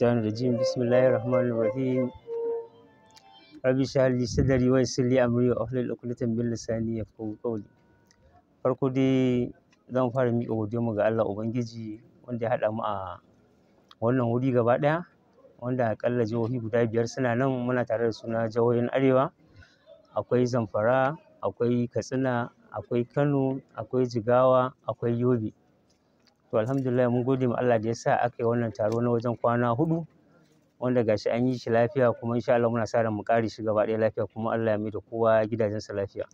الشيطان الرجيم بسم الله الرحمن الرحيم rabbi shahali sadari wa sirri amri wa ahlul uqdatan min lisani yafqahu qawli farko dai zan fara miƙa godiyar mu ga Allah ubangiji wanda ya haɗa mu a wannan wuri gaba ɗaya wanda akalla jihohi guda biyar suna nan muna tare da suna jihohin arewa akwai zamfara akwai katsina akwai kano akwai jigawa akwai yobe to alhamdulillah mun gode ma Allah da ya sa aka yi wannan taro na wajen kwana hudu wanda gashi an yi shi lafiya kuma insha Allah muna sa ran mu kare shi gaba ɗaya lafiya kuma Allah ya mai da kowa gidajensa lafiya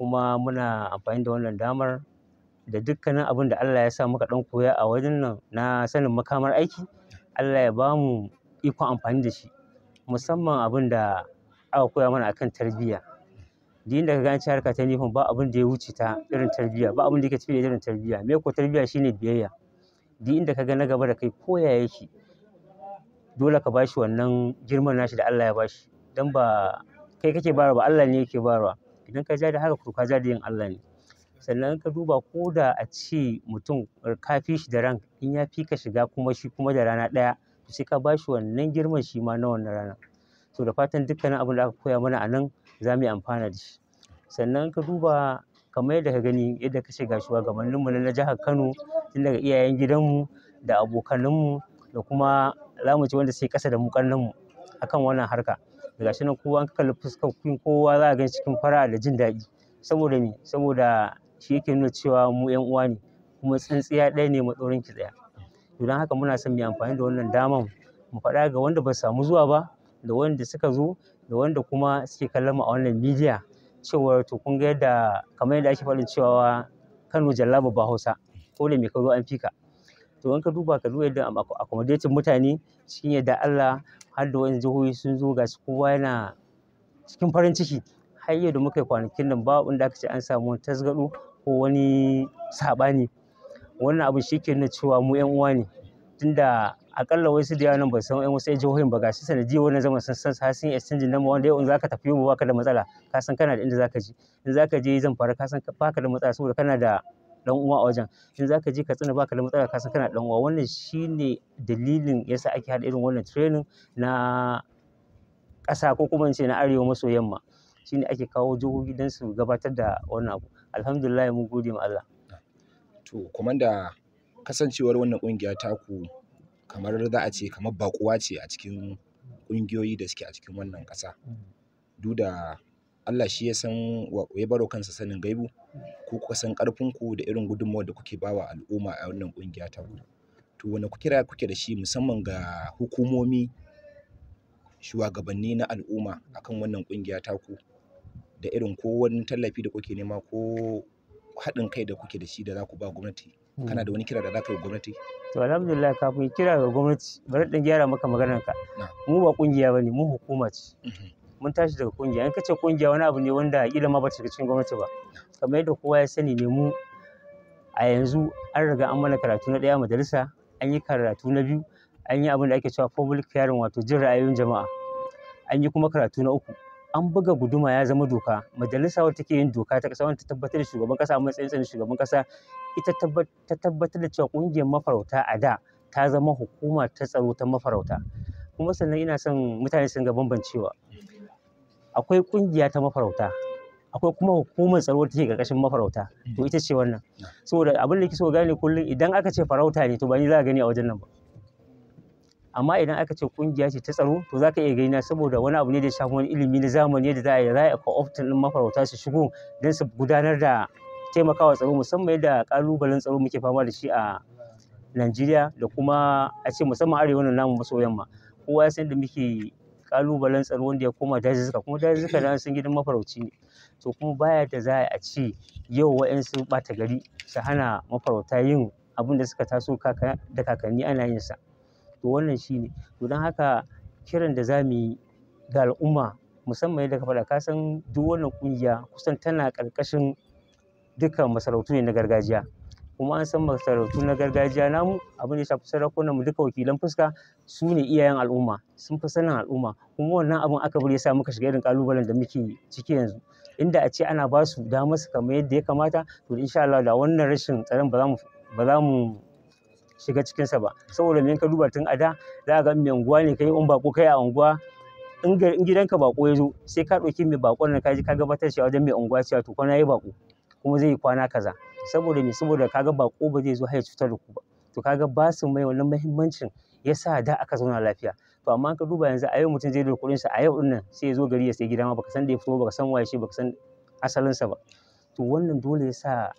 kuma muna amfani da wannan damar da dukkanin abin da Allah ya sa muka dan koya a wajen nan na sanin makamar aiki Allah ya ba mu ikon amfani da shi musamman abin da aka koya mana akan tarbiyya Din da ka ga ka ta uniform ba abin da ya wuce ta irin tarbiyya ba abin da yake cikin irin tarbiyya me ko tarbiyya shine biyayya Din inda ka ga na gaba da kai ko ya shi, dole ka bashi wannan girman nashi da Allah ya bashi dan ba kai kake bara ba Allah ne yake barawa. idan ka ja da haka kuka, ja da yin Allah ne sannan ka duba ko da a ce mutum ka fi shi da ran in ya fi ka shiga kuma shi kuma da rana ɗaya sai ka bashi wannan girman shi ma na wannan rana to da fatan dukkanin abin da aka koya mana a nan za mu yi amfana da shi sannan ka duba kamar yadda ka gani yadda ka ce ga shuwagabanninmu na jihar Kano tun daga iyayen gidanmu da abokanmu, da kuma za mu ce wanda suke ƙasa da mu ƙannenmu akan wannan harka ga shi nan kowa an kalli fuskokin kowa za a gan cikin fara'a da jin daɗi saboda me saboda shi yake nuna cewa mu ƴan uwa ne kuma tsintsiya ɗaya ne matsaurin ki ɗaya to don haka muna son mu yi amfani da wannan daman mu faɗa ga wanda ba su samu zuwa ba da wanda suka zo da wanda kuma suke kallon mu a wannan midiya cewa to kun ga yadda kamar yadda ake faɗin cewa Kano jallaba ba Hausa ko ne me ka an fika to in ka duba ka duba yadda accommodating mutane cikin yadda Allah har da wani jihohi sun zo ga su kowa yana cikin farin ciki har yau muka yi kwanakin nan babu inda aka ce an samu wani tasgaro ko wani saɓani wannan abu shi ke nuna cewa mu 'yan uwa ne tunda akalla wai su da yawan ba san wasu jihohin ba gashi sanadi wannan zaman sun san har sun exchange number wanda yau in zaka tafi yau baka da matsala ka san kana da inda zaka je in zaka je zan fara ka san baka da matsala saboda kana da dan uwa a wajen in zaka je ka tsina baka da matsala ka san kana da dan uwa wannan shine dalilin yasa ake hada irin wannan training na ƙasa ko kuma in ce na arewa maso yamma shine ake kawo jihohi don su gabatar da wannan abu alhamdulillah mun gode ma Allah to komanda kasancewar wannan kungiya taku kamar za a ce kamar baƙuwa ce a cikin ƙungiyoyi da suke a cikin wannan ƙasa duk da Allah shi ya san ya baro kansa sanin gaibu ku kuka san ƙarfinku da irin gudunmawar da kuke bawa al'umma a wannan ƙungiya ta to wani kira kuke da shi musamman ga hukumomi shugabanni na al'umma akan wannan ƙungiya ta ku da irin ko wani tallafi da kuke nema ko haɗin kai da kuke da shi da za ku ba gwamnati kana da wani kira da za ka yi gwamnati to alhamdulillah kafin kira ga gwamnati bari dan gyara maka maganar ka mu ba kungiya bane mu hukuma ce mhm. mun tashi daga kungiya in kace kungiya wani abu ne wanda kila ma ba ta cikin gwamnati ba kamar yadda kowa ya sani ne mu a yanzu an riga an mana karatu na daya majalisa an yi karatu na biyu an yi abin da ake cewa public hearing wato jin ra'ayoyin jama'a an yi kuma karatu na uku an buga guduma ya zama doka majalisa wadda take yin doka ta ƙasa wanda ta tabbatar da shugaban ƙasa a matsayin shugaban ƙasa ita ta tabbatar da cewa ƙungiyar mafarauta a da ta zama hukuma ta tsaro ta mafarauta kuma sannan ina son mutane su ga bambancewa akwai ƙungiya ta mafarauta akwai kuma hukumar tsaro take ƙarƙashin mafarauta to ita ce wannan saboda abin da kike so gane kullum idan aka ce farauta ne to ba ni za a gani a wajen nan ba amma idan aka ce kungiya ce ta tsaro to zaka iya gani na saboda wani abu ne da ya shafi wani ilimi na zamani da za a yi za a kwa opting ɗin mafarauta su shigo don su gudanar da taimakawa tsaro musamman yadda ƙalubalen tsaro muke fama da shi a Najeriya da kuma a ce musamman arewa na namu maso yamma kowa ya san da muke ƙalubalen tsaro wanda ya koma dazuzzuka kuma dazuzzuka na sun gidan mafarauci ne to kuma baya da za a ce yau wa'insu ɓata gari su hana mafarauta yin abin da suka taso da kakanni ana yin sa To wannan shi ne. To don haka kiran da za mu yi ga al'umma musamman yadda ka faɗa ka san duk wannan ƙungiya kusan tana ƙarƙashin duka masarautu ne na gargajiya. Kuma an san masarautu na gargajiya namu abin da ya shafi sarakunan mu duka wakilan fuska su ne iyayen al'umma. Sun fi sanin al'umma. Kuma wannan abin bari ya sa muka shiga irin ƙalubalen da muke ciki yanzu. Inda a ce ana ba su damar su kamar yadda ya kamata to in sha Allah da wannan rashin tsaron ba za mu, ba za mu shiga cikinsa ba saboda me ka duba tun a da za ga mai unguwa ne kai in bako kai a unguwa in gidanka bako ya zo sai ka ɗauki mai bakon nan ka ji ka gabatar shi a wajen mai unguwa cewa to kwana yi bako kuma zai yi kwana kaza saboda me saboda kaga bako ba zai zo har ya cutar da ku ba to kaga ba su mai wannan muhimmancin yasa da aka zauna lafiya to amma ka duba yanzu a yau mutum zai da kuɗin sa a yau din nan sai ya zo gari ya sai gida ma baka san da ya fito baka san waye shi baka san asalin sa ba to wannan dole yasa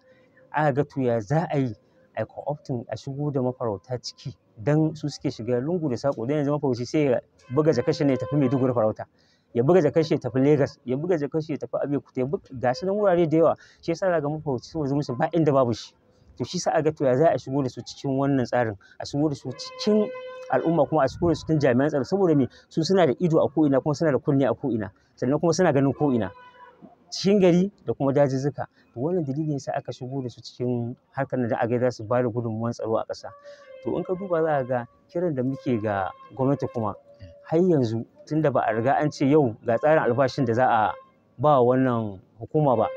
aka ga to ya za a yi a co-opting a shigo da mafarauta ciki don su suke shiga lungu da saƙo don yanzu mafarauci sai ya buga jakashi ne ya tafi maiduguri farauta ya buga jakashi ya tafi lagos ya buga jakashi ya tafi abeokuta ga shi nan wurare da yawa shi yasa ga mafarauci sun zumunci ba inda babu shi to shi sa aga to ya za a shigo da su cikin wannan tsarin a shigo da su cikin al'umma kuma a shigo da su cikin jami'an tsaro saboda me su suna da ido a ko'ina kuma suna da kunne a ko'ina sannan kuma suna ganin ko'ina cikin gari da kuma dajijjika to wannan dalili sa aka shigo da su cikin harkar da aka za su ba da tsaro a ƙasa to in ka duba za ga kiran da muke ga gwamnati kuma har yanzu tunda ba a riga an ce yau ga tsarin albashin da za a ba wannan hukuma ba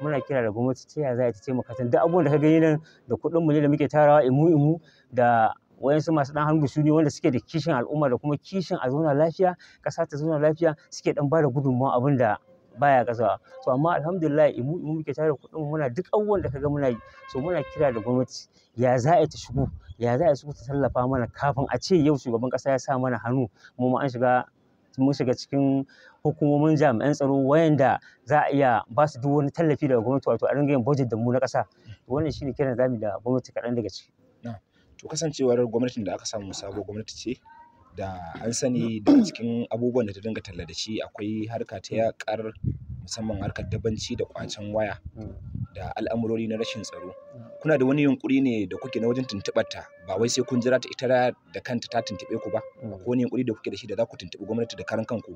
muna kira da gwamnati ta yaya za ta taimaka ta duk abubuwan da ka gani nan da kuɗin mu ne da muke tarawa imu imu da wayansu masu ɗan hannu su ne wanda suke da kishin al'umma da kuma kishin a zauna lafiya ƙasa ta zauna lafiya suke ɗan ba da gudunmawa abin da baya kasawa to amma alhamdulillah mu mu muke tare kuɗin muna duk abubuwan da kaga muna yi so muna kira da gwamnati ya za a ta shigo ya za a shigo ta tallafa mana kafin a ce yau shugaban kasa ya sa mana hannu mu ma an shiga mun shiga cikin hukumomin jami'an tsaro wayanda za a iya ba su duk wani tallafi daga gwamnati wato a ringa yin budget da mu na ƙasa wannan shine kiran zamu da gwamnati kaɗan daga ciki to kasancewar gwamnatin da aka samu sabuwar gwamnati ce da an sani da cikin abubuwan da ta dinga talla da shi akwai harka ta yaƙar musamman harkar dabanci da ƙwacen waya da al'amurori na rashin tsaro kuna da wani yunkuri ne da kuke na wajen tuntuɓar ta ba wai sai kun jira ta ita da kanta ta tuntuɓe ku ba ko wani yunkuri da kuke da shi da za ku tuntuɓi gwamnati da karan kanku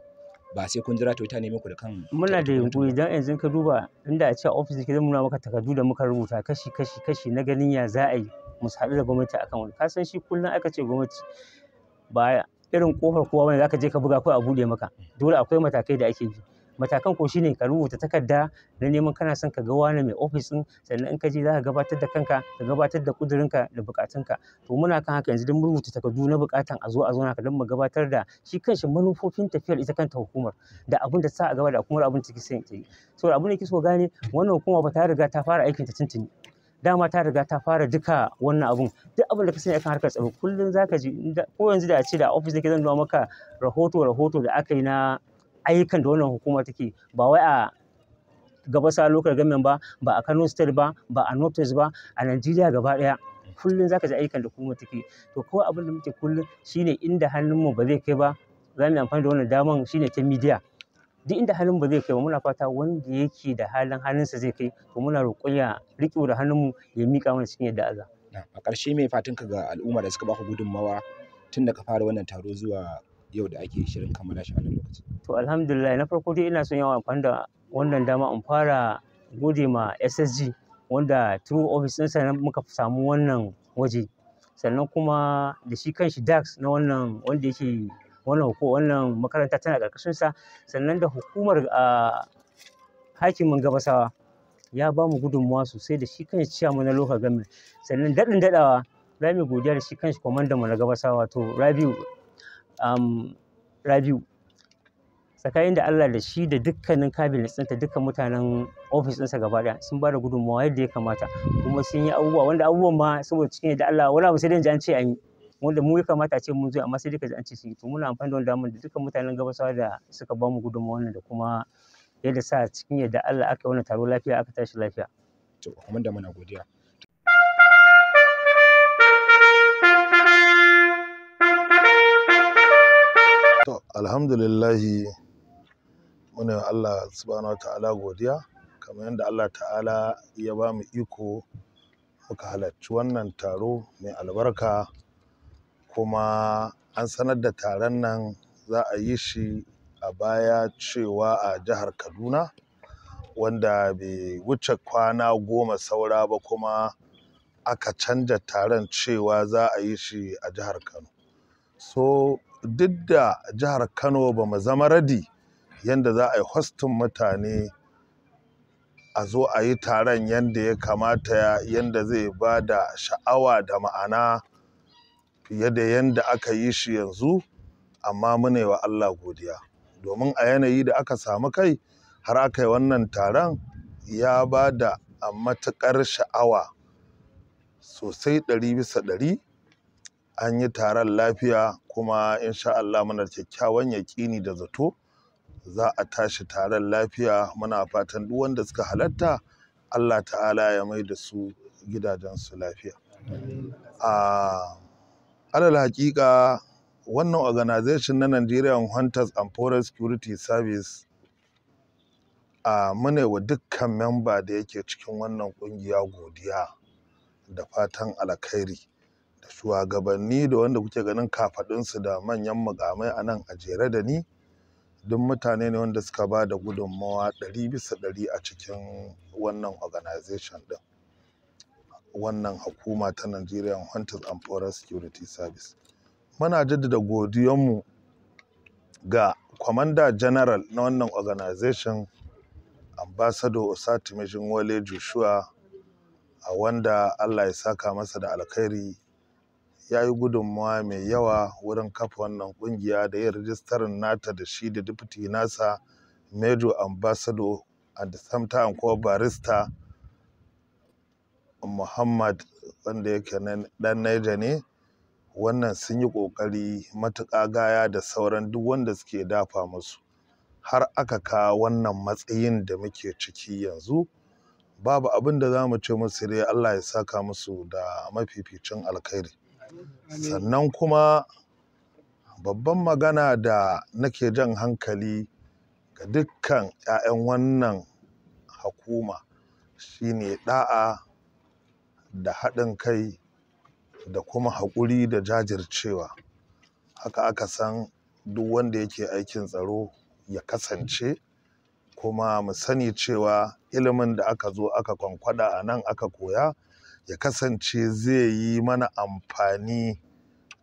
ba sai kun jira ta ta neman ku da kan muna da yunkuri dan yanzu ka duba inda a ce a ofis ke zan nuna maka takardu da muka rubuta kashi kashi kashi na ganin ya za a yi mu haɗu da gwamnati akan wani ka san shi kullum aka ce gwamnati ba irin kofar kowa bane zaka je ka buga kawai a buɗe maka dole akwai matakai da ake bi matakan ko shine ka rubuta takarda na neman kana son ka ga wani mai ofis din sannan in ka je zaka gabatar da kanka ka gabatar da kudurinka da bukatunka to muna kan haka yanzu duk mun rubuta takardu na bukatan a zo a zauna ka dan mu gabatar da shi kanshi manufofin tafiyar ita kanta hukumar da abin da sa a gaba da hukumar abin da take son yi abin da kike so gane wannan hukuma ba ta riga ta fara aikin ta tuntuni dama ta riga ta fara duka wannan abun duk abin da ka sani akan harkar tsaro kullum zaka ji ko yanzu da a ce da office nake zan nuna maka rahoto rahoto da aka yi na ayyukan da wannan hukuma take ba wai a gaba sa local government ba ba a Kano state ba ba a North ba a Najeriya gaba daya kullum zaka ji ayyukan da hukuma take to ko abin da muke kullum shine inda hannunmu ba zai kai ba za mu amfani da wannan daman shine ta media duk inda halin ba zai kai ba muna fata wanda yake da halin halinsa zai kai to muna roƙon ya riƙe da hannunmu ya miƙa mana cikin yadda Allah a ƙarshe mai fatan ka ga al'umma da suka baka gudunmawa tun da ka fara wannan taro zuwa yau da ake shirin kammala shi a nan lokaci to alhamdulillah na farko dai ina son yawan amfani da wannan dama in fara gode ma SSG wanda through office ɗinsa muka samu wannan waje sannan kuma da shi kanshi DAX na wannan wanda yake wannan wannan makaranta tana ƙarƙashin sa sannan da hukumar hakimin gabasawa ya ba mu gudunmuwa sosai da shi kanshi ciyama na local government sannan daɗin daɗawa za mu godiya da shi kanshi kwamandan mu na gabasawa to rabiu rabiu tsakanin da Allah da shi da dukkanin kabinet da dukkan mutanen ofis ɗinsa gaba ɗaya sun ba da gudunmawa yadda ya kamata kuma sun yi abubuwa wanda abubuwan ma saboda cikin da Allah wani abu sai dai an ce an yi wanda mu ya kamata a ce mun zo amma sai dai ka ji an ce sun to muna amfani da wannan damar da dukkan mutanen gabasawa da suka bamu mu gudunmawa wannan da kuma yadda sa cikin yadda Allah aka yi wannan taro lafiya aka tashi lafiya to da muna godiya To, alhamdulillah muna Allah subhanahu wa ta'ala godiya kamar yadda Allah ta'ala ya ba mu iko muka halarci wannan taro mai albarka kuma an sanar da taron nan za a yi shi a baya cewa a jihar kaduna wanda bai wuce kwana goma saura ba kuma aka canza taron cewa za a yi shi a jihar kano so duk da jihar kano ba mu zama radi yadda za a yi hostin mutane a zo a yi taron yadda ya kamata yadda zai ba da sha'awa da ma'ana fiye da yanda aka yi shi yanzu amma mune wa Allah godiya domin a yanayi da aka samu kai har aka yi wannan taron ya ba da matuƙar sha'awa sosai ɗari bisa ɗari an yi taron lafiya kuma insha Allah muna kyakkyawan yaƙini da zato za a tashi taron lafiya muna fatan duk wanda suka halatta Allah ta'ala ya mai da su gidajensu lafiya. Ah, alal hakika wannan organization na Nigerian Hunters and Forest Security Service a mune wa dukkan memba da yake cikin wannan ƙungiya godiya da fatan alkhairi da shugabanni da wanda kuke ganin kafaɗinsu da manyan mugamai a nan a jere da ni duk mutane ne wanda suka ba da gudunmawa ɗari bisa ɗari a cikin wannan organization ɗin wannan hukuma ta Nigerian Hunters and Forest Security Service. Muna jaddada mu ga Commander General na wannan organization Ambassador Osatimishin Wale Joshua a wanda Allah ya saka masa da alkhairi ya yi gudunmawa mai yawa wurin kafa wannan kungiya da yin rijistarin nata da shi da deputy nasa Major Ambassador at the same time ko barista muhammad wanda yake ɗan naija ne wannan sun yi ƙoƙari matuƙa gaya da sauran duk wanda suke dafa musu har aka kawo wannan matsayin da muke ciki yanzu babu abin da za mu ce musu dai allah ya saka musu da mafificin alkhairi sannan kuma babban magana da nake jan hankali ga dukkan 'ya'yan wannan hukuma shine ɗa'a. da haɗin kai da kuma haƙuri da jajircewa haka aka san duk wanda yake aikin tsaro ya kasance kuma mu sani cewa ilimin da aka zo aka kwankwaɗa a nan aka koya ya kasance zai yi mana amfani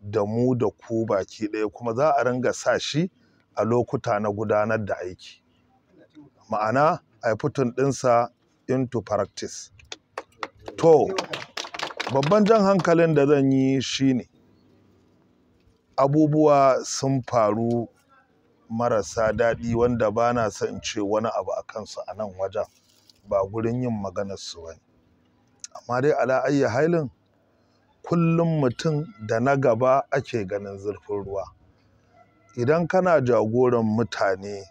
da mu da ku baki ɗaya kuma za a ringa sa shi a lokuta na gudanar da aiki ma'ana a yi ɗinsa into practice to babban jan hankalin da zan yi shi ne, abubuwa sun faru marasa daɗi wanda ba na son ce wani abu a kansu a nan wajen ba gurin yin su ba amma dai ala ayyi hailin kullum mutum da na gaba ake ganin zurfin ruwa idan kana jagoran mutane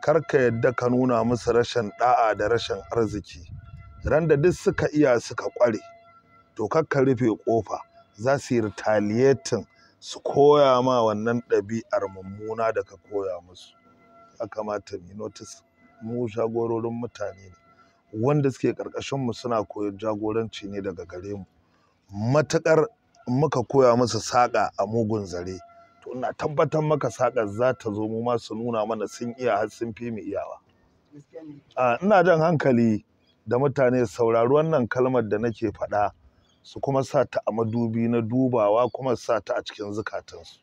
karka yadda ka nuna musu rashin ɗa'a da rashin arziki randa duk suka iya suka ƙware to kakka rufe ƙofa za su yi retaliating su koya ma wannan ɗabi'ar mummuna da ka koya musu ya kamata mu notice mu jagororin mutane ne wanda suke ƙarƙashin mu suna koyon jagoranci ne daga gare mu matuƙar muka koya musu saƙa a mugun zare to ina tabbatar maka saƙa za ta zo mu ma su nuna mana sun iya har sun fi mu iyawa ah, ina jan hankali da mutane saurari wannan kalmar da nake faɗa su kuma sa ta a madubi na dubawa kuma sa ta a cikin zukatansu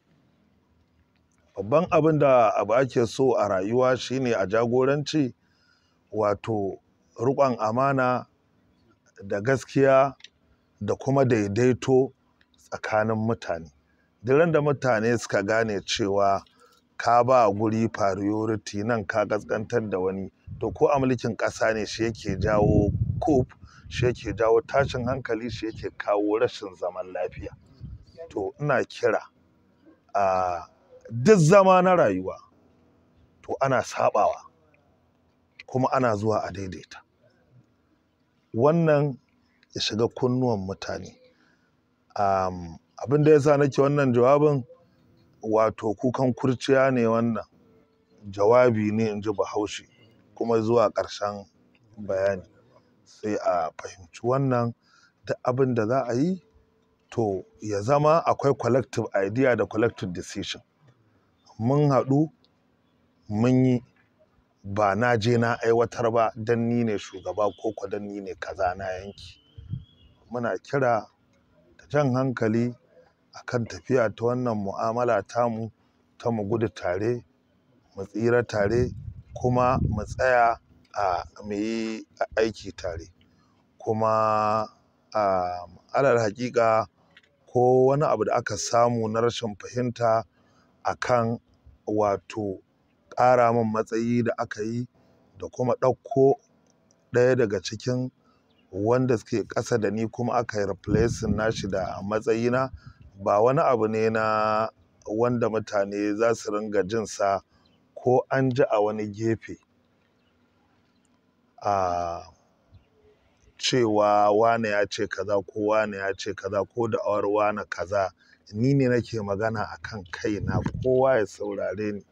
babban abin da abu ake so a rayuwa shine a jagoranci wato riƙon amana da gaskiya da kuma daidaito tsakanin mutane diran da mutane suka gane cewa ka ba guri priority nan ka gaskantar da wani to ko a mulkin ƙasa ne shi yake jawo coup shi yake jawo tashin hankali shi yake kawo rashin zaman lafiya to ina kira a duk zama na rayuwa to ana saɓawa kuma ana zuwa a daidaita wannan ya shiga kunnuwan mutane um, abin da ya sa nake wannan jawabin wato kukan kurciya ne wannan jawabi ne in ji bahaushe kuma zuwa ƙarshen bayani sai a fahimci wannan duk abin da za a yi to ya zama akwai collective idea da collective decision mun haɗu mun yi ba na je na aiwatar ba don ni ne shugaba ko ko don ni ne kaza na yanki muna kira da jan hankali a kan tafiya ta wannan mu'amala tamu ta mu gudu tare mu tsira tare kuma mu tsaya mu yi aiki tare kuma alal haƙiƙa ko wani abu da aka samu na rashin fahimta a kan wato ƙara min matsayi da aka yi da kuma ɗauko ɗaya daga cikin wanda suke ƙasa da ni kuma aka yi replacing shi da matsayina ba wani abu ne na wanda mutane za su ringa jinsa ko an ji a wani gefe a cewa wane ya ce kaza ko wane ya ce kaza ko da awar wane kaza ni ne nake magana a kan kaina kowa ya saurare ni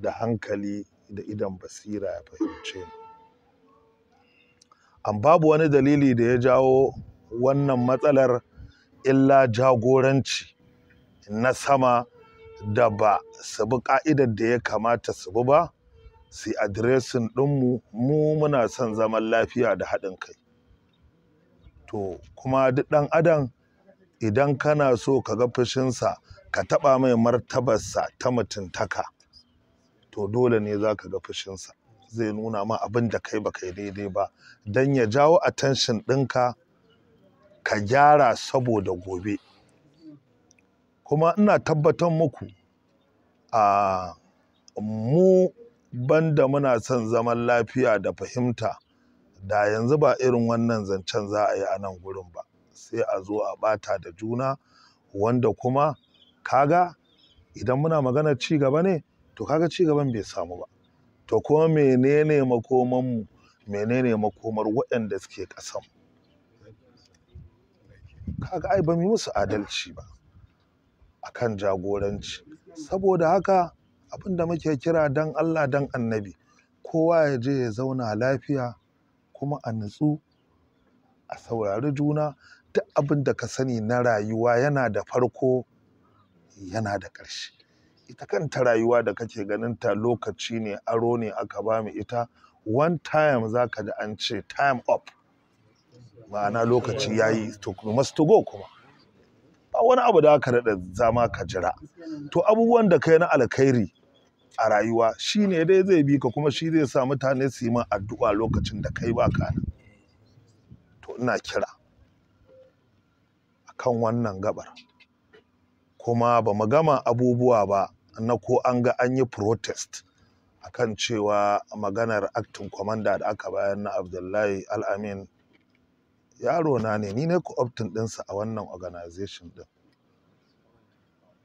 da hankali da idan basira ya fahimce ni an babu wani dalili da ya jawo wannan matsalar illa jagoranci na sama da ba su bi ka'idar da ya kamata su bi ba su adiresin ɗinmu mu muna son zaman lafiya da haɗin kai to kuma duk ɗan adam idan kana so ka ga fushinsa ka taɓa mai martabarsa ta mutuntaka to dole ne zaka ka ga fushinsa zai nuna ma abin da kai ba kai daidai ba don ya jawo attention ɗinka ka gyara saboda gobe kuma ina tabbatar muku a ah, mu banda muna son zaman lafiya da fahimta da yanzu ba irin wannan zancen za a yi a nan gurin ba sai a zo a bata da juna wanda kuma kaga idan muna magana cigaba ne to kaga cigaban bai samu ba to kuma menene makomanmu menene makomar waɗanda suke ƙasan kaga ai ba mu musu adalci ba akan jagoranci saboda haka abin da muke kira dan Allah dan annabi kowa ya je ya zauna lafiya kuma a nutsu a saurari juna duk abin da ka sani na rayuwa yana da farko yana da ƙarshe ita kanta rayuwa da kake ganin ta lokaci ne aro ne aka ba mu ita one time za ka ji an ce time up ma'ana lokaci ya yi to must go kuma wani abu da aka daɗa zama ka jira to abubuwan da kai na alkhairi a rayuwa shi ne dai zai bi ka kuma shi zai sa mutane su yi ma addu'a lokacin da kai ba ka to ina kira akan wannan gabar kuma ba mu gama abubuwa ba na ko an ga an yi protest akan cewa maganar acting commander da aka bayar na abdullahi al'amin yaro na ne ni ne co optin ɗinsa a wannan organization ɗin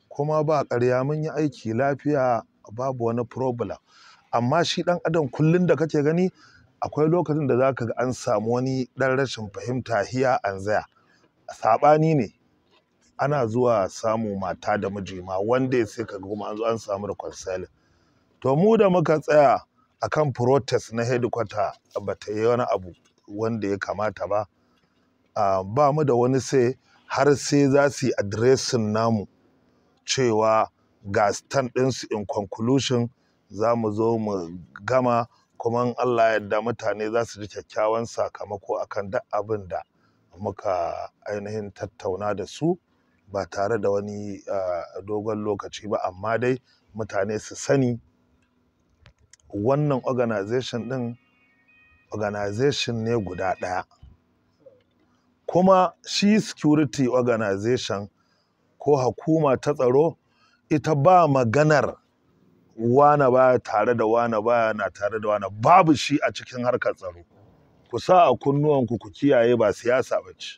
kuma ba ƙarya mun yi aiki lafiya babu wani problem amma shi ɗan adam kullum da kake gani akwai lokacin da za ka ga an samu wani ɗan rashin fahimta hiya an zaya saɓani ne ana zuwa samu mata da miji ma wanda ya sai kaga kuma an zo an samu reconciling to mu da muka tsaya a kan protest na headquarter ba ta yi wani abu wanda ya kamata ba ba mu da wani sai har sai za su yi adiresin namu cewa ga stand ɗinsu in conclusion za mu zo mu gama kuma Allah yadda mutane za su ji kyakkyawan sakamako akan duk abin da muka ainihin tattauna da su ba tare da wani dogon lokaci ba amma dai mutane su sani wannan organization ɗin organization ne guda ɗaya kuma shi security organization ko hukuma ta tsaro ita ba maganar wane baya tare da wane baya na tare da wane babu shi a cikin harkar tsaro ku sa a kunnuwanku ku kiyaye ba siyasa ba ce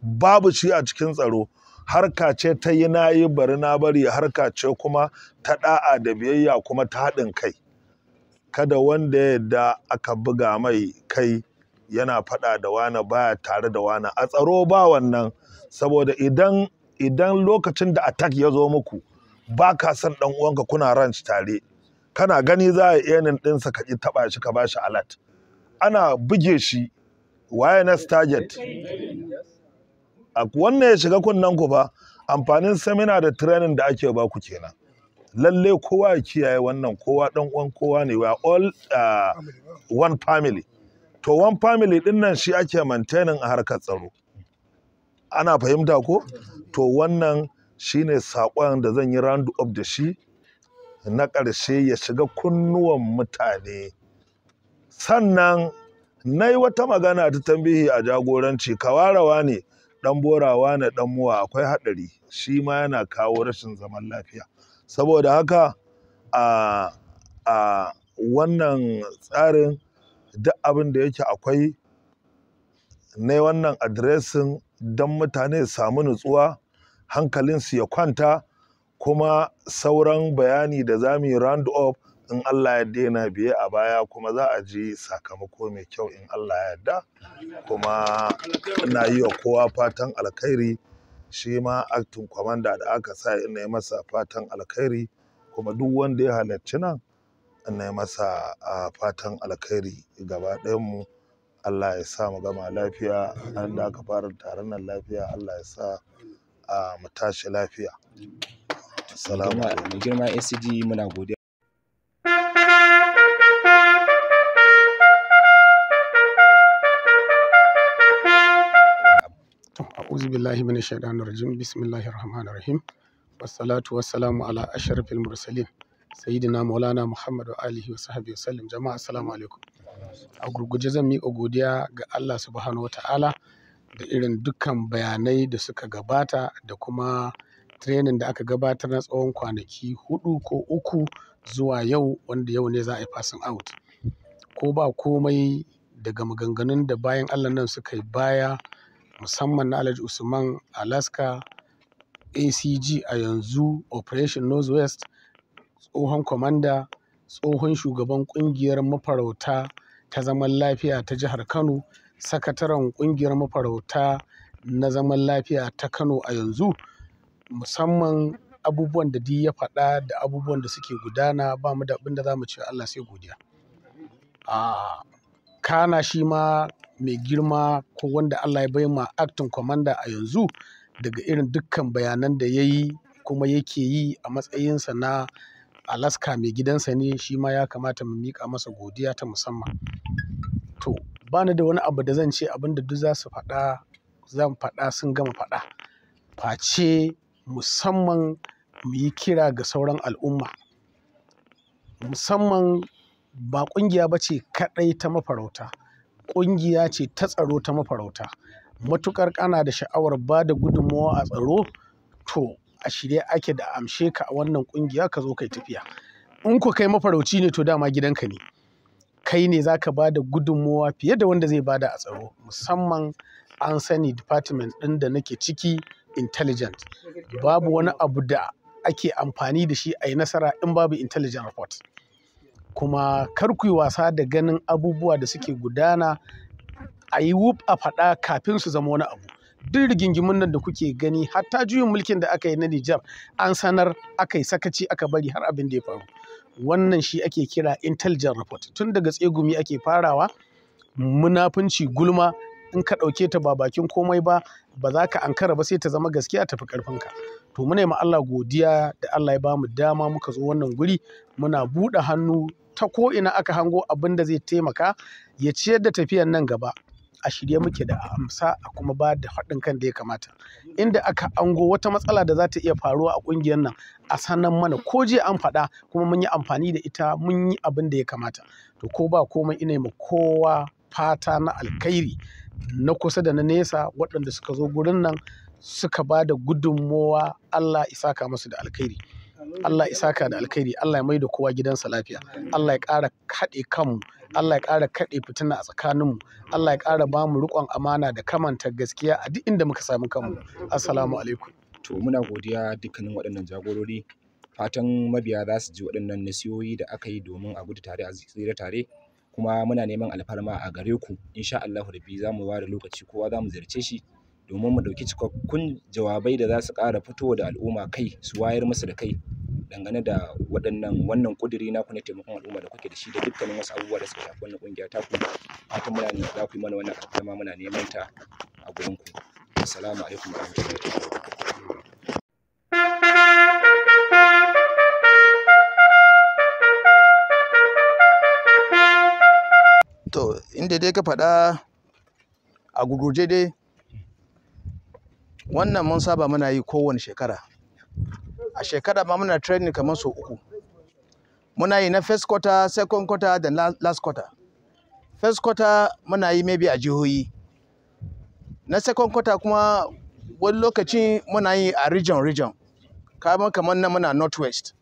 babu shi a cikin tsaro harka ce ta yi na yi bari na bari harka ce kuma ta ɗa'a da biyayya kuma ta haɗin kai kada wanda ya da aka buga mai kai yana faɗa da wane baya tare da wane a tsaro ba wannan saboda idan idan lokacin da attack ya zo muku ba ka son dan uwanka kuna ranch tare kana gani za a iya nin ɗinsa ka ƙi taɓa shi ka bashi alat ana buge shi wireless target, a wannan ya shiga kunnen ku ba, amfanin seminar da training da ake ba ku kenan lalle kowa ya kiyaye wannan kowa dan uwan kowa ne we are all uh, one family to one family din nan shi ake maintaining a harkar tsaro ana fahimta ko to wannan shine saƙon da zan yi round up da shi na ƙarshe ya shiga kunnuwan mutane sannan na yi wata magana ta tambihi a jagoranci kawarawa ne ɗan borawa na ɗan muwa akwai haɗari shi ma yana kawo rashin zaman lafiya saboda haka a wannan tsarin duk abin da yake akwai na wannan adireshin don mutane samu nutsuwa hankalin su ya kwanta kuma sauran bayani da za mu yi round up in Allah ya daina biye a baya kuma za a ji sakamako mai kyau in Allah ya yarda kuma ina yi wa kowa fatan alkhairi shi ma acting commander da aka sa ina yi masa fatan alkhairi kuma duk wanda ya halarci nan na masa a fatan alkhairi gaba mu Allah ya sa mu gama lafiya an da aka fara taron nan lafiya Allah ya sa mu tashi lafiya salamu alaikum girma ACG muna godiya a'udhu billahi minash shaitanir rajim bismillahir rahmanir rahim wassalatu wassalamu ala ashrafil mursalin sayyidina maulana muhammad wa alihi wa sahbihi wa sallam jama'a assalamu alaikum a gurguje zan miƙa godiya ga Allah subhanahu wa ta'ala da irin dukkan bayanai da suka gabata da kuma training da aka gabatar na tsawon kwanaki hudu ko uku zuwa yau wanda yau ne za a yi passing out ko ba komai daga maganganun da bayan Allah nan suka yi baya musamman na Alhaji Usman Alaska ACG a yanzu Operation Northwest tsohon kwamanda tsohon shugaban ƙungiyar mafarauta ta zaman lafiya ta jihar kano sakataren ƙungiyar mafarauta na zaman lafiya ta kano a yanzu musamman abubuwan da ya faɗa da abubuwan da suke gudana ba mu da abin da za mu ce allah sai godiya a kana shi ma mai girma ko wanda allah ya bai ma acting kwamanda a yanzu daga irin dukkan bayanan da ya yi kuma yake yi a matsayinsa na Alaska mai gidansa ne shi ma ya kamata mu miƙa masa godiya ta musamman. To, ba da wani abu da zan ce abin da duk za su faɗa zan faɗa sun gama faɗa. Face musamman mu yi kira ga sauran al'umma. Musamman ba ƙungiya ba ce kaɗai ta mafarauta, ƙungiya ce ta tsaro ta mafarauta. Matuƙar ƙana da sha'awar ba da gudunmawa a tsaro to a shirye ake da amshe ka a wannan kungiya ka zo kai tafiya in ku kai mafarauci ne to dama gidanka ne kai ne za ka ba da gudunmowa fiye da wanda zai bada a tsaro musamman an sani department ɗin da nake ciki intelligent babu wani abu da ake amfani da shi a yi nasara in babu intelligent report kuma kar ku wasa da ganin abubuwa da suke gudana a yi wuf a faɗa kafin su zama wani abu duk rigingimun nan da kuke gani hatta juyin mulkin da aka yi na Nijar an sanar aka yi sakaci aka bari har abin da ya faru wannan shi ake kira intelligent report tun daga tsegumi ake farawa munafunci gulma in ka ɗauke ta ba bakin komai ba ba za ka ankara ba sai ta zama gaskiya tafi ƙarfinka to muna ma Allah godiya da Allah ya bamu dama muka zo wannan guri muna buɗe hannu ta ko ina aka hango abin da zai taimaka ya ciyar da tafiyan nan gaba a shirye muke da amsa a kuma ba da haɗin kan da ya kamata inda aka ango wata matsala da za ta iya faruwa a ƙungiyar nan a sanan mana ko je an faɗa kuma mun yi amfani da ita mun yi abin da ya kamata to ko ba komai ina ma kowa fata na alkhairi na kusa da na nesa waɗanda suka zo gurin nan suka ba da gudunmowa Allah ka musu da alkhairi Allah isaka da alkhairi Allah ya mai da kowa gidansa lafiya Allah ya ƙara haɗe kanmu Allah ya ƙara kaɗe fitina a tsakaninmu Allah ya ƙara ba mu riƙon amana da kamanta gaskiya a duk inda muka samu kanmu assalamu alaikum to muna godiya dukkanin waɗannan jagorori fatan mabiya za su ji waɗannan nasiyoyi da aka yi domin a gudu tare a tsira tare kuma muna neman alfarma a gare ku insha Allah rabbi za mu ware lokaci kowa za mu ziyarce shi domin mu ɗauki cikakkun jawabai da za su ƙara fitowa da al'umma kai su wayar musu da kai dangane da waɗannan wannan ƙuduri naku na taimakon al'umma da kuke da shi da dukkanin wasu abubuwa da suka shafi wannan ƙungiya taku fatan muna ne za ku yi mana wannan alƙalama muna neman ta a gurinku. ku assalamu alaikum warahmatullahi to inda dai ka faɗa a gurguje dai wannan mun saba muna yi kowane shekara a shekara ma muna training kamar sau uku muna yi na first quarter second quarter da last quarter first quarter muna yi maybe a jihohi na second quarter kuma wani lokaci muna yi a region region kamar kamar na muna northwest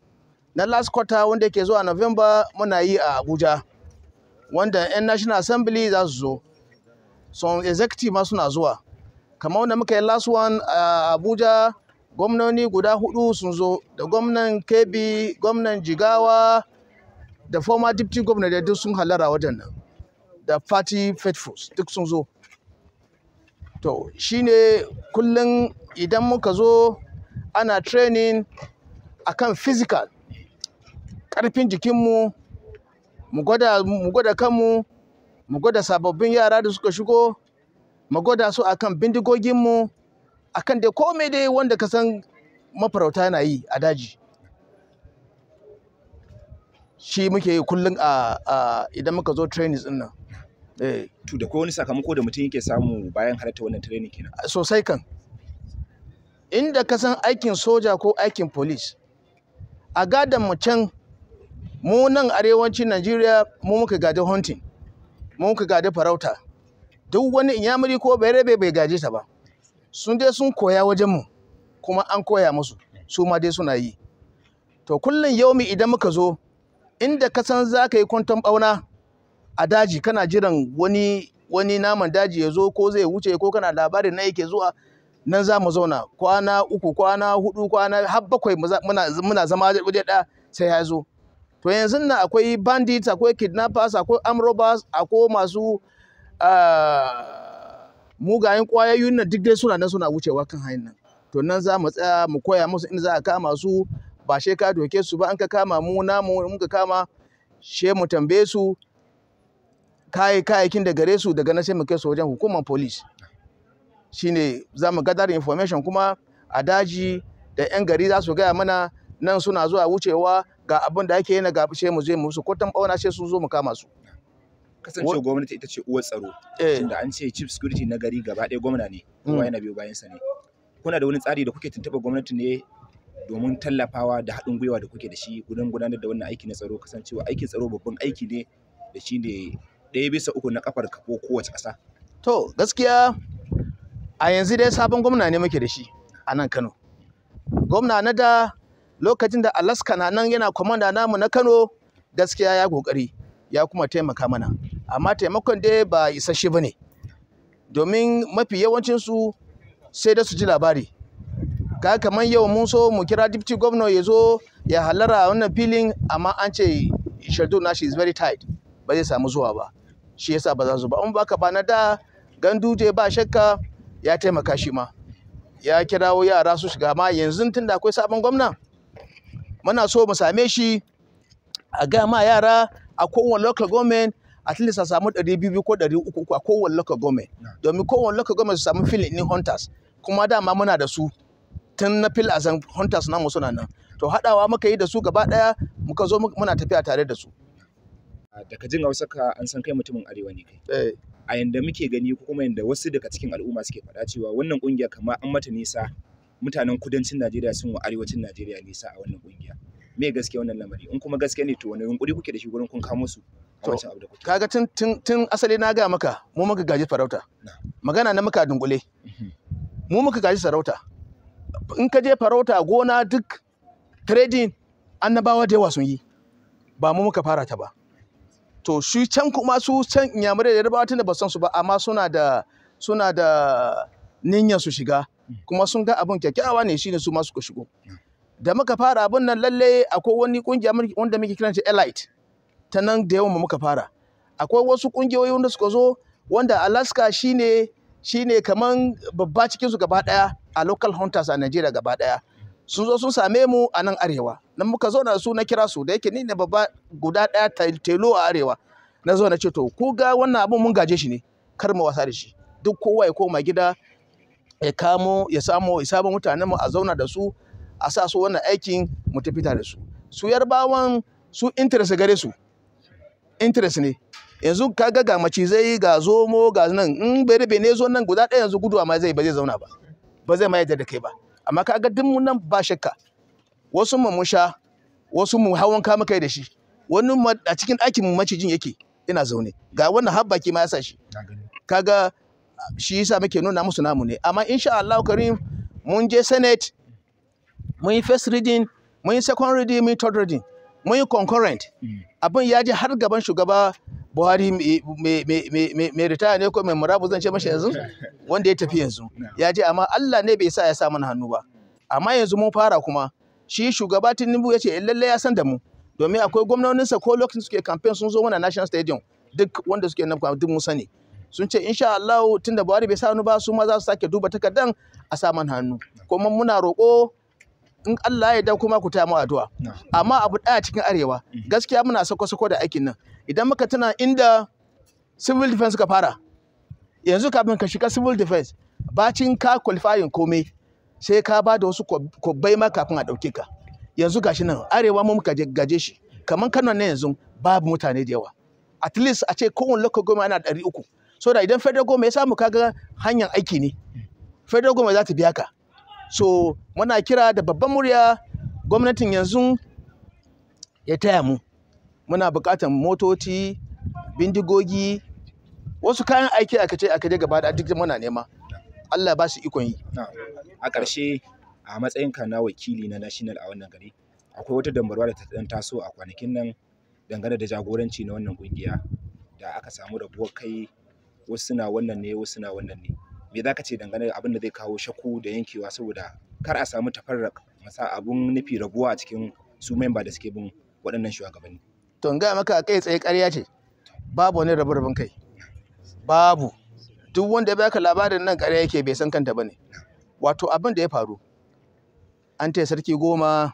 na last quarter wanda ke zuwa november muna yi a abuja wanda 'yan national assembly za su zo son executive ma suna zuwa kamar wanda muka yi last one a abuja gwamnoni guda hudu sun zo da gwamnan kebi gwamnan jigawa da former deputy governor da duk sun halara wajen nan da party faithfuls duk sun zo to shine kullum idan muka zo ana training kan physical karfin jikinmu mu gwada kanmu mu gwada sababbin yara da suka shigo mu gwada su akan bindigoginmu akan da komai dai wanda ka san mafarauta na yi a daji shi muke yi kullum a idan muka zo trainings din nan eh. to da ko wani sakamako da mutum yake samu bayan halarta wannan training kenan sosai kan inda ka san aikin soja ko aikin police a gadan mu can mu nan arewacin Najeriya mu muka gada hunting mu muka gada farauta duk wani inyamuri ko bai rabe bai gaje ta ba sun dai sun koya wajen mu kuma an koya musu su ma dai suna yi to kullum yaumi idan muka zo inda ka san za ka yi kwanton ɓauna a daji kana jiran wani wani naman daji ya zo ko zai wuce ko kana labarin na yake zuwa nan za mu zauna kwana uku kwana hudu kwana har bakwai muna zama waje ɗaya sai ya zo to yanzu nan akwai bandits akwai kidnappers akwai amrobas akwai masu Ah, mugayen ƙwayoyin nan duk dai suna nan suna wucewa kan hanyar nan to nan za mu tsaya mu koya musu in za a kama su ba she ka doke su ba an ka kama mu Na namu muka kama she mu tambaye su kai kayakin da gare su daga nan sai mu kai su wajen hukumar police shine za mu gather information kuma a daji da yan gari za su gaya mana nan suna zuwa wucewa ga abin da ake yi na gafi sai mu je mu su ko bauna su zo mu kama su kasancewa gwamnati ita ce uwar tsaro eh. tunda an ce chief security na gari gaba ɗaya gwamna ne Kuma hmm. yana biyo bayan sa ne kuna da wani tsari da kuke tuntuɓa gwamnati ne domin tallafawa da haɗin gwiwa da kuke da shi gudan gudanar da wannan aiki na tsaro kasancewa aikin tsaro babban aiki ne da shi ne ɗaya bisa uku na kafar kafo kowace ƙasa to gaskiya a yanzu dai sabon gwamna ne muke da shi a nan Kano gwamna na da lokacin da Alaska na nan yana kwamanda namu na Kano gaskiya ya kokari ya kuma taimaka mana amma taimakon dai ba isasshe ba ne domin mafi yawancinsu sai da su ji labari ka kamar yau mun so mu kira deputy governor ya zo ya halara wannan filin amma an ce na shi is very tight ba zai samu zuwa ba shi yasa ba za su ba in baka ba na da je ba shakka ya taimaka shi ma ya kirawo yara su shiga ma yanzu tun da akwai sabon gwamna muna so mu same shi a ga ma yara a kowane local government at least a samu ɗari biyu ko ɗari uku a kowane local government domin kowane local government su samu filin ni hunters kuma dama muna da su tun na fil a zan hunters namu suna nan to haɗawa muka yi da su gaba ɗaya muka zo muna tafiya tare da su. Ah, daga jin hausa ka an san kai mutumin arewa ne kai. Eh. a yanda muke gani ko kuma yanda wasu daga cikin al'umma suke faɗa cewa wannan ƙungiya kama an mata nisa mutanen kudancin najeriya sun wa arewacin najeriya nisa a wannan ƙungiya. me gaskiya wannan lamari in kuma gaskiya ne to wani yunkuri kuke da shi gurin kun kamo su to kaga tun tun tun asali na ga maka mu muka gaji farauta magana na muka dungule, mhm. mu muka gaji sarauta in ka je farauta gona duk trading annabawa da yawa sun yi ba mu muka fara ta ba to shi can kuma su can inyamurai da yarbawa tun da ba san su ba amma suna da suna da niyyar su shiga mm. kuma sun ga abin kyakkyawa ne shine su ma suka shigo da muka fara abin nan lalle akwai wani kungiya wanda muke kiran shi elite ta nan da yawan muka fara akwai wasu kungiyoyi wanda suka zo wanda Alaska shine shine kaman babba cikin su gaba daya a local hunters a Najeriya gaba daya sun zo sun same mu a nan arewa nan muka zo na su na kira su da yake ni ne babba guda daya telo a arewa na zo na ce to ku ga wannan abun mun gaje shi ne kar mu wasa da shi duk kowa ya koma gida ya kamo ya samo ya sabon mutanen mu a zauna da su a sa su wannan aikin mu tafi tare su su yarbawan su interest gare su interest ne yanzu kaga ga macizai ga zomo ga nan in bai ne zo nan guda ɗaya yanzu guduwa ma zai ba zai zauna ba ba zai ma yadda da kai ba amma kaga duk mun nan ba shakka wasu mu musha wasu mu hawan ka kai da shi wani a cikin ɗakin macijin yake ina zaune ga wannan har baki ma ya sa shi kaga shi yasa muke nuna musu namu ne amma insha Allah karim mun je senate mun yi first reading mun yi second reading mun yi third reading mun yi concurrent mm. abin ya je har gaban shugaba buhari mai ritaya ne ko mai murabu zan ce mashi yanzu wanda ya tafi yanzu ya je amma allah ne bai sa ya sa mana hannu ba amma yanzu mun fara kuma shi shugaba tinubu ya ce eh, lallai ya san da mu domin akwai sa ko lokacin suke kamfen sun zo mana national stadium duk wanda suke nan duk mun sani sun ce insha Allah tunda Buhari bai sa hannu ba su ma za su sake duba takardan a saman hannu kuma muna roƙo in Allah ya yarda kuma ku ta mu addu'a amma abu daya cikin arewa mhm. gaskiya muna sako sako da aikin nan idan muka tana inda civil defense suka fara yanzu kafin ka shiga civil defense bacin ka qualifying komai sai ka ba da wasu kobbai ma kafin a dauke ka yanzu gashi nan arewa mu muka gaje shi kaman Kano ne yanzu babu mutane da yawa at least a ce kowane local government ana 300 so da idan federal government ya samu kaga hanyar aiki ne mhm. federal government za ta biya ka so muna kira da babban murya gwamnatin yanzu ya taya mu muna buƙatar motoci bindigogi wasu kayan aiki aka ce aka je gaba da duk muna nema Allah ba su ikon yi a ƙarshe a matsayin na wakili na national a wannan gari akwai wata dambarwa da ta dan taso a kwanakin nan dangane da jagoranci na wannan kungiya da aka samu rabuwar kai wasu na wannan ne wasu na wannan ne me za ka ce dangane da abin da zai kawo shakku da yankewa saboda kar a samu tafarrak masa abun nufi rabuwa a cikin su memba da suke bin waɗannan shugabanni to ga maka kai tsaye ƙarya ce babu wani rabu rabin kai babu duk wanda ya baka labarin nan ƙarya yake bai san kanta bane wato abin da ya faru an taya sarki goma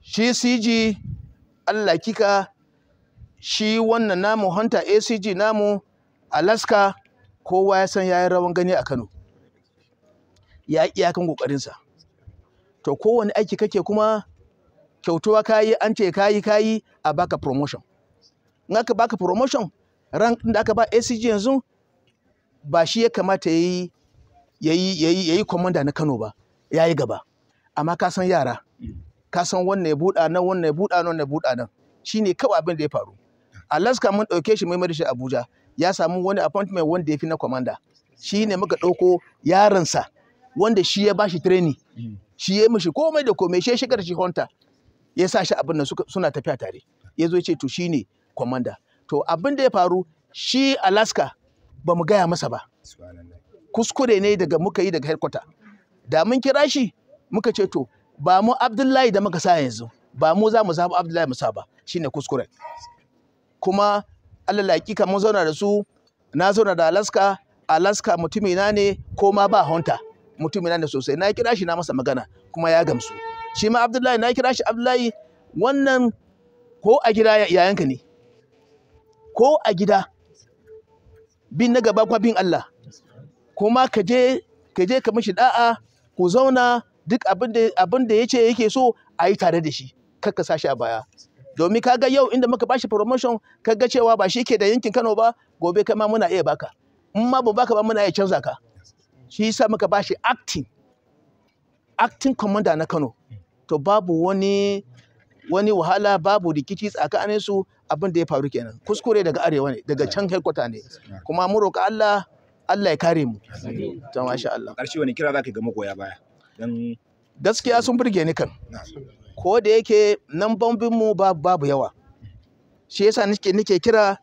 shi CG Allah kika shi wannan namu hanta ACG namu alaska kowa ya san yayin rawan gani a kano ya yi iyakan sa to kowane aiki kake kuma kyautuwa kayi an ce kayi kayi a baka promotion in aka baka promotion ran da aka ba acg yanzu ba shi ya kamata yayi yayi yayi yayi commander na kano ba yayi gaba amma ka san yara ka san wannan ya buɗa nan wannan ya buɗa nan wannan ya buɗa nan shine kawai abin da ya faru alaska mun ɗauke shi mai shi abuja ya samu wani appointment wanda ya fi na komanda shi ne muka ɗauko yaransa wanda shi ya bashi training shi ya mishi komai da komai shi ya shigar shi honta. ya sa shi abin nan suna tafiya tare ya zo ya ce to shi ne komanda to abin da ya faru shi alaska ba mu gaya masa ba kuskure ne daga muka yi daga headquarter da mun kira shi muka ce to ba mu abdullahi da muka sa yanzu ba mu za mu zaɓi abdullahi musa ba shi ne kuskure kuma Allah hakika mun zauna da su na zauna da Alaska Alaska na ne ko ma ba honta na ne sosai na kira shi na masa magana kuma ya gamsu shi ma Abdullahi na kira shi Abdullahi wannan ko a gida yayanka ne ko a gida bin na gaba kuma bin Allah kuma ka je ka je ka mishi da'a ku zauna duk abin da ya ce yake so a yi tare da shi kakka sashi a baya domin kaga yau inda muka bashi promotion kaga cewa ba shi ke da yankin Kano ba gobe kai ma muna iya baka in ma ba baka ba muna iya canza ka shi yasa muka bashi acting acting commander na Kano to babu wani wani wahala babu rikici tsakanin su abin da ya faru kenan kuskure daga arewa ne daga can helkwata ne kuma mu roƙa Allah Allah ya kare mu to masha Allah karshe wani kira zaka ga magoya baya dan gaskiya sun burge ni kan ko da yake nan mu babu yawa shi yasa nake nake kira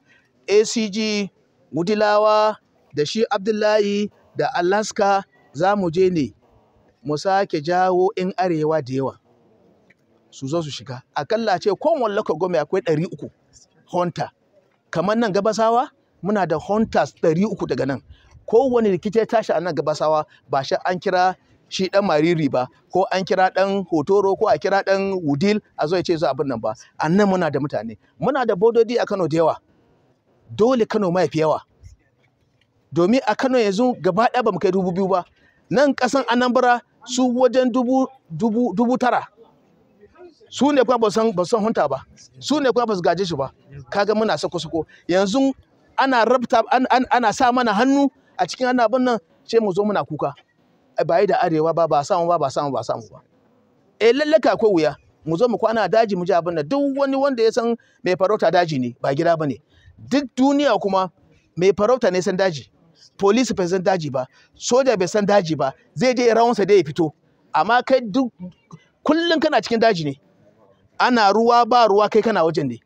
ACG Wudilawa da shi Abdullahi da Alaska za mu je ne mu sake jawo in arewa da yawa su zo su shiga akalla ce kowane wallaka gome akwai ɗari uku hunter kamar nan gabasawa muna da hunters ɗari uku daga nan kowane rikice tashi a nan gabasawa ba shi an kira shi ɗan mariri ba ko an kira ɗan hotoro ko a kira ɗan wudil a zo ya ce zo abin nan ba annan muna da mutane muna da bododi a Kano da yawa dole Kano mai fi yawa domin a Kano yanzu gaba ɗaya bamu kai dubu biyu ba nan ƙasan Anambra su wajen dubu tara su ne kuma ba san hunta ba su ne kuma ba su gaje shi ba kaga muna sako sako yanzu ana rabta ana sa mana hannu a cikin ana abin nan sai mu zo muna kuka ba yi da arewa ba ba samu ba ba samu ba samu ba eh lallaka akwai wuya mu zo mu kwana a daji mu ji abin nan duk wani wanda ya san mai farauta daji ne ba gida ba ne duk duniya kuma mai farauta ne san daji polisi bai san daji ba soja bai san daji ba zai je sa dai ya fito amma kai duk kullum kana cikin daji ne ana ruwa ba ruwa kai kana wajen ne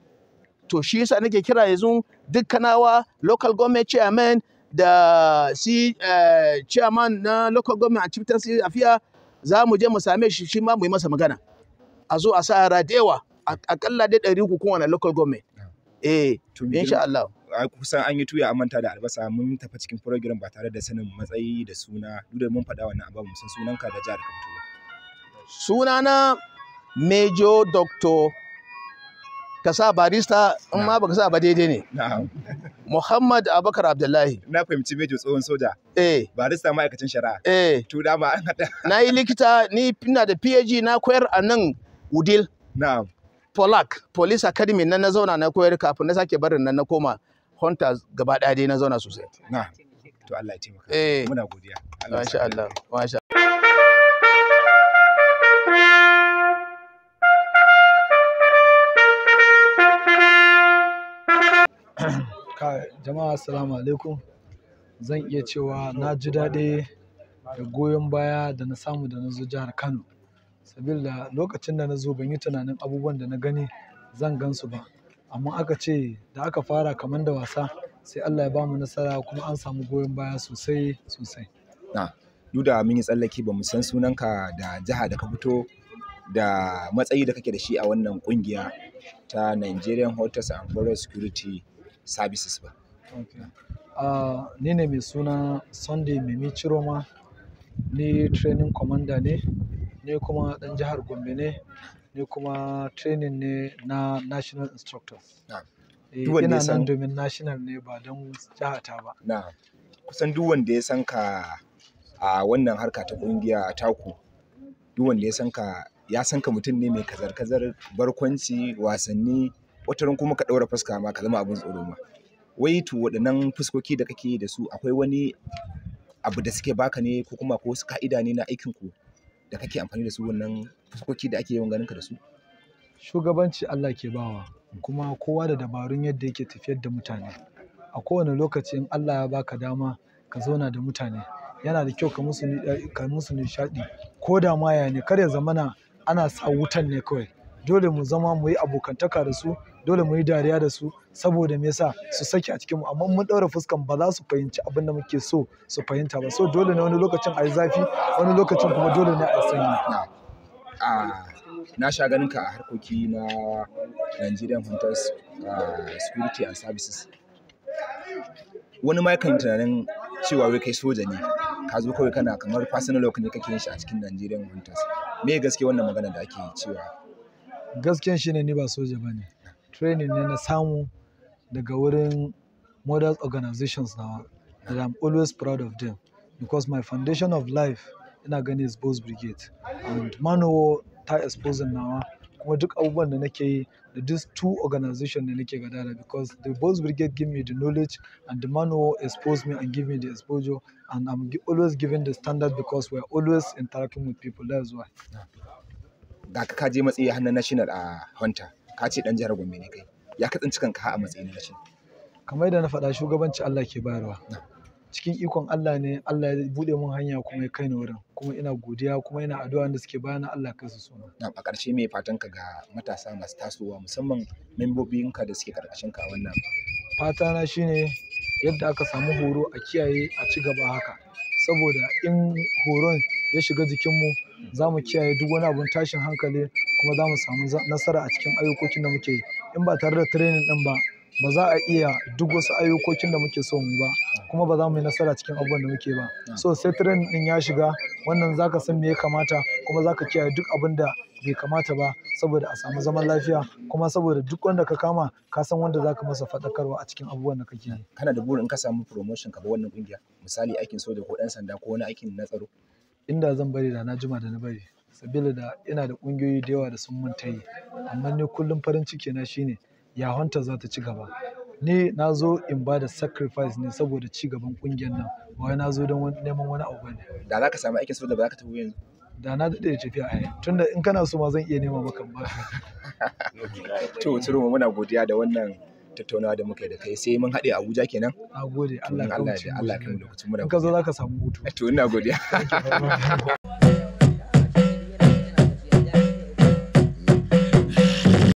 to shi yasa nake kira yanzu dukkanawa, local government chairman da shi eh, chairman na local government and chieftaincy afiya za mu je mu same shi shi ma mu yi masa magana a zo a sa da yawa akalla dai ɗari uku kowane local government eh insha Allah kusan an yi tuya an manta da albasa mun tafi cikin program ba tare da sanin matsayi da suna duk da mun faɗa wannan abu mun san sunanka da jihar Kaduna sunana Major Doctor ka sa barista in ma baka sa ba daidai ne Muhammad Abubakar Abdullahi na fahimci mejo tsohon soja eh barista ma'aikacin shari'a eh to da ma na yi likita ni ina da PhD na koyar a nan Udil na'am Polak Police Academy nan na zauna na koyar kafin na sake barin nan na koma Hunter gaba ɗaya dai na zauna sosai na'am to Allah ya taimaka eh. muna godiya Allah Allah Jama'a assalamu alaikum. Zan iya cewa na ji daɗi da goyon baya da na samu da na zo jihar Kano. Sabida lokacin da na zo ban yi tunanin abubuwan da na gani zan gan su ba. Amma aka ce da aka fara kamar da wasa sai Allah ya bamu nasara kuma an samu goyon baya sosai sosai. Na, duk da mun yi tsallaki, ba mu san sunanka da jiha da ka fito da matsayi da kake da shi a wannan ƙungiya ta Nigerian Hotels and Forest Security. services ba ah, ni ne mai suna sunday mimi Chiroma, ni training commander ne ni kuma ɗan jihar gombe ne ni kuma training ne na national instructor eh, ina nan domin national ne ba don jihata ba kusan duk wanda ya san ka a wannan harka ta ƙungiya a taku duk wanda ya san ka ya san ka mutum ne mai kazar-kazar barkwanci wasanni wataran kuma ka ɗaura fuska ma ka zama abin tsoro ma wai to waɗannan fuskoki da kake da su akwai wani abu da suke baka ne ko kuma ko su ka'ida ne na aikin ku da kake amfani da su wannan fuskoki da ake yawan ganin ka da su shugabanci Allah ke bawa kuma kowa da dabarun yadda yake tafiyar da mutane a kowane lokaci in Allah ya baka dama ka zauna da mutane yana da kyau eh, ka musu nishaɗi ko da ma ya ne kar ya zamana ana sa wutan ne kawai dole mu zama mu yi abokantaka da su dole mu yi dariya da su saboda me yasa su saki a cikin mu amma mun ɗaura fuskan ba za su fahimci abin da muke so su fahimta ba so dole ne wani lokacin a yi zafi wani lokacin kuma dole ne a yi sanyi ah, na sha ganin ka a harkoki na Nigerian Hunters ah, Security and Services wani ma yakan tunanin cewa wai kai soja ne ka zo kawai kana kamar personal work ne kake yin shi a cikin Nigerian Hunters me gaske wannan magana da ake cewa Gaskiyan shine ni ba soja ba ne. Training ne na samu daga wurin modern organizations nawa and I'm always proud of them because my foundation of life ina gani is boss Brigade and man ta expose nawa kuma duk abubuwan da nake yi da this two organization da nake gadara because the boss Brigade give me the knowledge and the man expose me and give me the exposure and I'm always given the standard because we're always interacting with people that's why. ga ka je matsayi har na national a hunter ka ce dan jihar gombe ne kai ya ka tsinci kanka a matsayin national kamar da na faɗa shugabanci Allah ke bayarwa cikin ikon Allah ne Allah ya bude mun hanya kuma ya kai ni wurin kuma ina godiya kuma ina addu'a da suke bayana Allah kai su suna na a ƙarshe me fatan ka ga matasa masu tasowa musamman membobin ka da suke karkashin ka wannan fata na shine yadda aka samu horo a kiyaye a ci gaba haka saboda in horon ya shiga jikinmu za mu kiyaye duk wani abun tashin hankali kuma za mu samu nasara a cikin ayyukokin da muke yi in ba tare da training din ba ba za a iya duk wasu ayyukokin da muke so mu ba kuma ba za mu yi nasara cikin abubuwan da muke ba so sai training din ya shiga wannan zaka san me ya kamata kuma zaka kiyaye duk abun da bai kamata ba saboda a samu zaman lafiya kuma saboda duk wanda ka kama ka san wanda zaka masa faɗakarwa a cikin abubuwan da kake yi kana da burin ka samu promotion ka ba wannan kungiya misali aikin soja ko dan sanda ko wani aikin na tsaro inda zan bari da na jima da na bari da ina da ƙungiyoyi da yawa da sun mun tayi amma ni kullum farin ciki na shine ya hanta za ta ci gaba ni na zo in ba da sacrifice ne saboda ci gaban ƙungiyar nan ba wai na zo don neman wani abu bane da za ka samu aikin saboda ba za ka tafi yanzu da na daɗe da tafiya a tunda in kana so ma zan iya nema maka ba to Turuma muna godiya da wannan tattaunawa da muka yi da kai sai mun haɗe Abuja kenan. Na gode Allah ya Allah ya kai mu lokacin mu da. Ka zo za ka samu hutu. To ina godiya.